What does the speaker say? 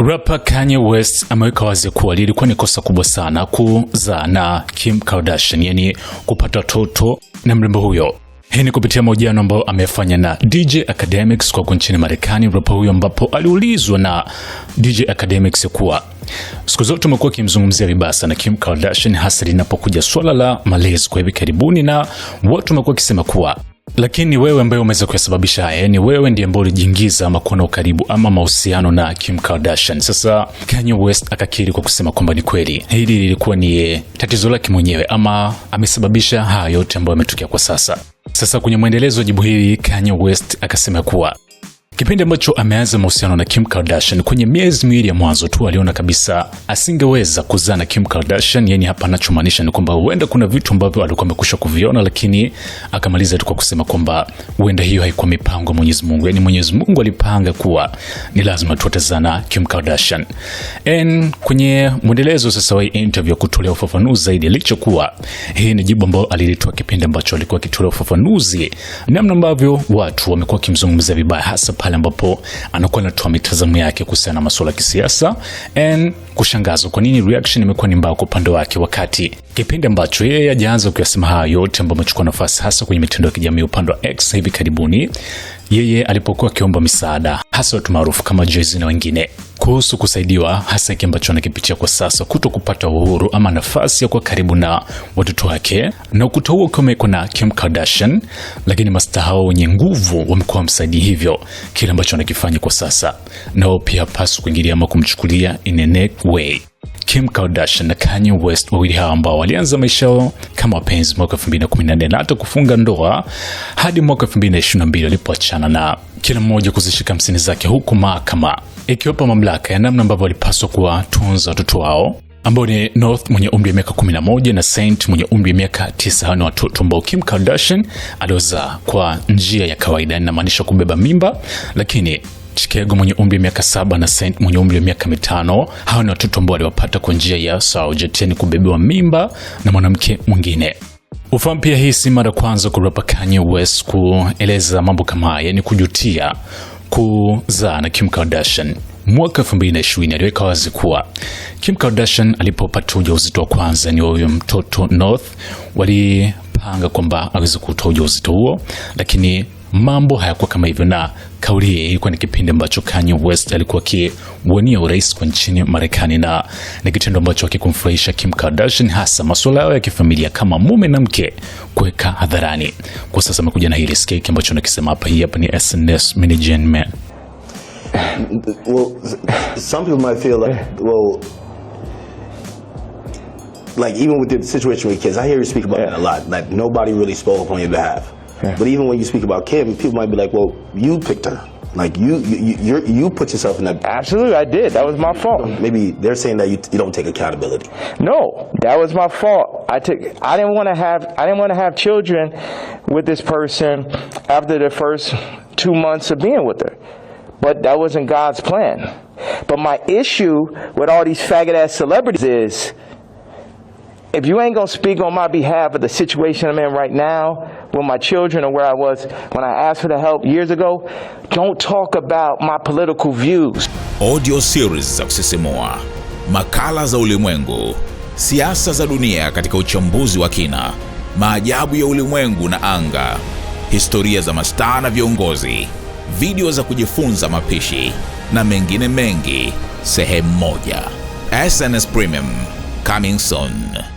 Rapa Kanye West ameweka wazi kuwa lilikuwa ni kosa kubwa sana kuzaa na Kim Kardashian, yani kupata watoto na mrembo huyo. Hii ni kupitia mahojiano ambayo amefanya na DJ Academics kwa nchini Marekani, rapa huyo, ambapo aliulizwa na DJ Academics kuwa siku zote umekuwa akimzungumzia vibaya sana Kim Kardashian, hasa linapokuja swala la malezi kwa hivi karibuni, na watu wamekuwa akisema kuwa lakini wewe ambaye umeweza kuyasababisha haya, yani wewe ndiye ambaye ulijiingiza ama kuona ukaribu ama mahusiano na Kim Kardashian. Sasa Kanye West akakiri kwa kusema kwamba ni kweli hili lilikuwa ni eh, tatizo lake mwenyewe ama amesababisha haya yote ambayo yametokea kwa sasa. Sasa kwenye mwendelezo wa jibu hili, Kanye West akasema kuwa Kipindi ambacho ameanza mahusiano na Kim Kardashian, kwenye miezi miwili ya mwanzo tu aliona kabisa asingeweza kuzaa na Kim Kardashian. Yani hapa anachomaanisha ni kwamba huenda kuna vitu ambavyo alikuwa amekusha kuviona, lakini akamaliza tu kwa kusema kwamba huenda hiyo haikuwa mipango ya Mwenyezi Mungu. Yani Mwenyezi Mungu alipanga kuwa ni lazima tuatazana Kim Kardashian. n kwenye mwendelezo sasa wa interview ya kutolea ufafanuzi zaidi, alichokuwa hii ni jibu ambayo alilitoa kipindi ambacho alikuwa akitolea ufafanuzi namna ambavyo watu wamekuwa wakimzungumzia vibaya hasa pale ambapo anakuwa anatoa mitazamo yake kuhusiana na masuala ya kisiasa. And kushangazwa kwa nini reaction imekuwa ni mbaya kwa upande wake, wakati kipindi ambacho yeye hajaanza kuyasema haya yote ambayo amechukua nafasi hasa kwenye mitandao ya kijamii upande wa X hivi karibuni, yeye alipokuwa akiomba misaada hasa watu maarufu kama Jay-Z na wengine kuhusu kusaidiwa, hasa hiki ambacho anakipitia kwa sasa, kuto kupata uhuru ama nafasi ya kuwa karibu na watoto wake, na ukuta huo ukiwa umewekwa na Kim Kardashian, lakini masta hao wenye nguvu wamekuwa wamsaidii hivyo kile ambacho anakifanya kwa sasa, nao pia hapaswi kuingilia ama kumchukulia in a way. Kim Kardashian na Kanye West, wawili hawa ambao walianza maisha yao kama wapenzi mwaka 2014 na hata kufunga ndoa hadi mwaka 2022 walipoachana, na kila mmoja kuzishika msini zake huku mahakama ikiwepo mamlaka ya namna ambavyo walipaswa kuwatunza watoto wao ambao ni North mwenye umri wa miaka 11 na Saint mwenye umri wa miaka 9 na watoto ambao Kim Kardashian aliozaa kwa njia ya kawaida, inamaanisha kubeba mimba, lakini Chikego mwenye umri wa miaka saba na Saint mwenye umri wa miaka mitano. Hawa ni watoto ambao waliwapata kwa njia ya surrogate, kubebewa mimba na mwanamke mwingine. Ufahamu pia hii si mara kwanza kwa Kanye West kueleza mambo kama haya, ni kujutia kuzaa na Kim Kardashian. Mwaka 2020 aliweka wazi kuwa Kim Kardashian alipopata ujauzito wa kwanza, ni huyo mtoto North, walipanga kwamba aweze kutoa ujauzito huo, lakini mambo hayakuwa kama hivyo, na kauli hii ilikuwa ni kipindi ambacho Kanye West alikuwa akiwania urais kwa nchini Marekani, na ni kitendo ambacho hakikumfurahisha Kim Kardashian, hasa masuala yao ya kifamilia kama mume na mke kuweka hadharani. Kwa sasa amekuja na hili skeki ambacho nakisema hapa. Hii hapa ni SNS mini management Well, some people might feel like, well, like even with the situation with kids, I hear you speak about yeah. that a lot. Like nobody really spoke up on your behalf. Yeah. But even when you speak about Kim, people might be like, "Well, you picked her. Like you, you, you, you put yourself in that." Absolutely, I did. That was my fault. Maybe they're saying that you, you don't take accountability. No, that was my fault. I took. I didn't want to have. I didn't want to have children with this person after the first two months of being with her. But that wasn't God's plan. But my issue with all these faggot ass celebrities is If you ain't going to speak on my behalf of the situation I'm in right now with my children or where I was when I asked for the help years ago, don't talk about my political views. Audio series za kusisimua, makala za ulimwengu, siasa za dunia katika uchambuzi wa kina, maajabu ya ulimwengu na anga, historia za mastaa na viongozi, video za kujifunza mapishi na mengine mengi, sehemu moja. SNS Premium coming soon.